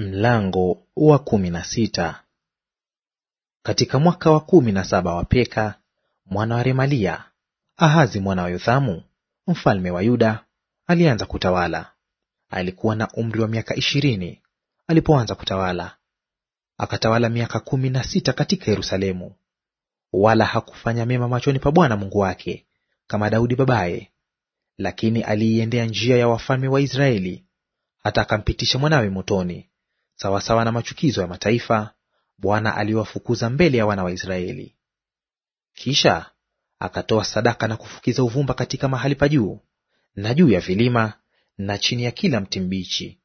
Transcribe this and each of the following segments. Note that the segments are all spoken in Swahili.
Mlango wa kumi na sita. Katika mwaka wa kumi na saba wa Peka mwana wa Remalia, Ahazi mwana wa Yothamu mfalme wa Yuda alianza kutawala. Alikuwa na umri wa miaka ishirini alipoanza kutawala, akatawala miaka kumi na sita katika Yerusalemu, wala hakufanya mema machoni pa Bwana Mungu wake kama Daudi babaye, lakini aliiendea njia ya wafalme wa Israeli, hata akampitisha mwanawe motoni sawasawa na machukizo ya mataifa Bwana aliwafukuza mbele ya wana wa Israeli. Kisha akatoa sadaka na kufukiza uvumba katika mahali pa juu na juu ya vilima na chini ya kila mti mbichi.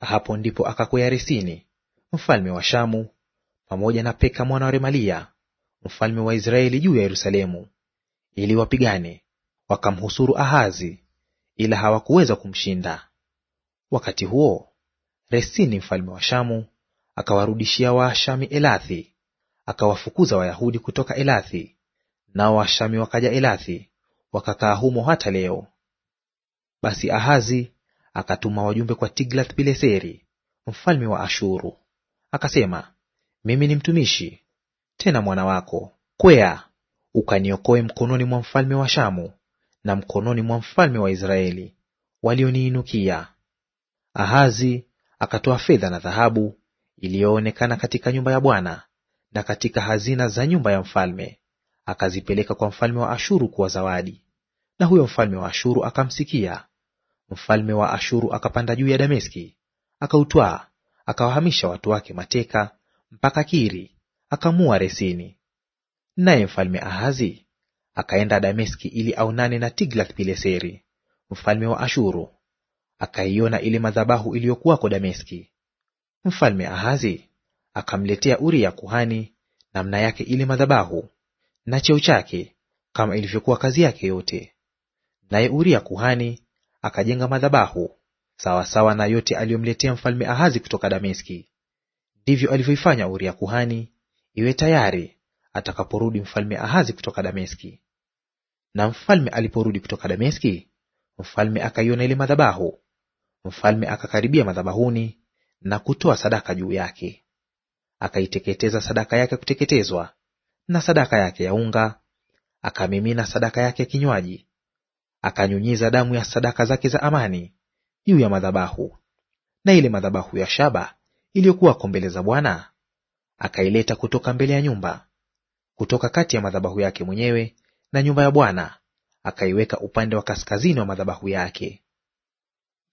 Hapo ndipo akakwea Resini mfalme wa Shamu pamoja na Peka mwana wa Remalia mfalme wa Israeli juu ya Yerusalemu ili wapigane, wakamhusuru Ahazi, ila hawakuweza kumshinda. Wakati huo Resini mfalme wa Shamu akawarudishia Waashami Elathi, akawafukuza Wayahudi kutoka Elathi, nao Waashami wakaja Elathi wakakaa humo hata leo. Basi Ahazi akatuma wajumbe kwa Tiglath-Pileseri mfalme wa Ashuru, akasema, mimi ni mtumishi tena mwana wako, kwea ukaniokoe mkononi mwa mfalme wa Shamu na mkononi mwa mfalme wa Israeli walioniinukia. Ahazi akatoa fedha na dhahabu iliyoonekana katika nyumba ya Bwana na katika hazina za nyumba ya mfalme, akazipeleka kwa mfalme wa Ashuru kuwa zawadi. Na huyo mfalme wa Ashuru akamsikia. Mfalme wa Ashuru akapanda juu ya Dameski, akautwaa, akawahamisha watu wake mateka mpaka Kiri, akamua Resini. Naye mfalme Ahazi akaenda Dameski ili aonane na Tiglath-Pileseri mfalme wa Ashuru, akaiona ile madhabahu iliyokuwako Dameski. Mfalme Ahazi akamletea Uria kuhani namna yake ile madhabahu na cheo chake kama ilivyokuwa kazi yake yote. Naye Uria kuhani akajenga madhabahu sawasawa na yote aliyomletea mfalme Ahazi kutoka Dameski. Ndivyo alivyoifanya Uria kuhani iwe tayari atakaporudi mfalme Ahazi kutoka Dameski. Na mfalme aliporudi kutoka Dameski, mfalme akaiona ile madhabahu Mfalme akakaribia madhabahuni na kutoa sadaka juu yake. Akaiteketeza sadaka yake ya kuteketezwa na sadaka yake ya unga, akamimina sadaka yake ya kinywaji, akanyunyiza damu ya sadaka zake za amani juu ya madhabahu. Na ile madhabahu ya shaba iliyokuwako mbele za Bwana akaileta kutoka mbele ya nyumba, kutoka kati ya madhabahu yake mwenyewe na nyumba ya Bwana akaiweka upande wa kaskazini wa madhabahu yake.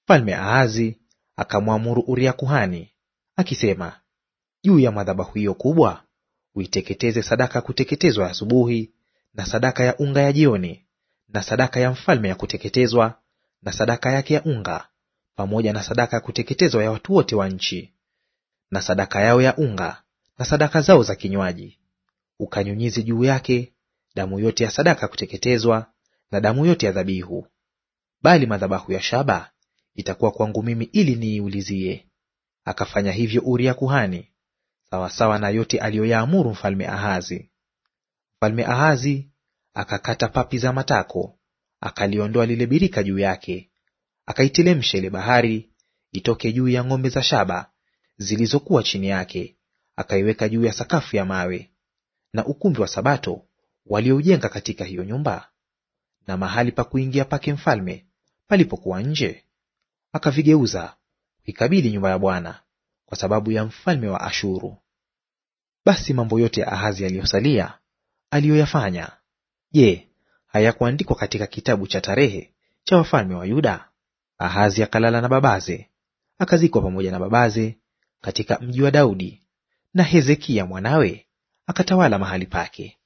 Mfalme Ahazi akamwamuru Uria kuhani akisema, juu ya madhabahu hiyo kubwa uiteketeze sadaka ya kuteketezwa asubuhi na sadaka ya unga ya jioni na sadaka ya mfalme ya kuteketezwa na sadaka yake ya unga pamoja na sadaka ya kuteketezwa ya watu wote wa nchi na sadaka yao ya unga na sadaka zao za kinywaji. Ukanyunyize juu yake damu yote ya sadaka ya kuteketezwa na damu yote ya dhabihu. Bali madhabahu ya shaba itakuwa kwangu mimi ili niiulizie. Akafanya hivyo Uria kuhani sawasawa na yote aliyoyaamuru mfalme Ahazi. Mfalme Ahazi akakata papi za matako, akaliondoa lile birika juu yake, akaitelemsha ile bahari itoke juu ya ng'ombe za shaba zilizokuwa chini yake, akaiweka juu ya sakafu ya mawe. Na ukumbi wa Sabato walioujenga katika hiyo nyumba na mahali pa kuingia pake mfalme palipokuwa nje akavigeuza kuikabili nyumba ya Bwana kwa sababu ya mfalme wa Ashuru. Basi mambo yote ya Ahazi yaliyosalia aliyoyafanya, je, hayakuandikwa katika kitabu cha tarehe cha wafalme wa Yuda? Ahazi akalala na babaze, akazikwa pamoja na babaze katika mji wa Daudi, na Hezekia mwanawe akatawala mahali pake.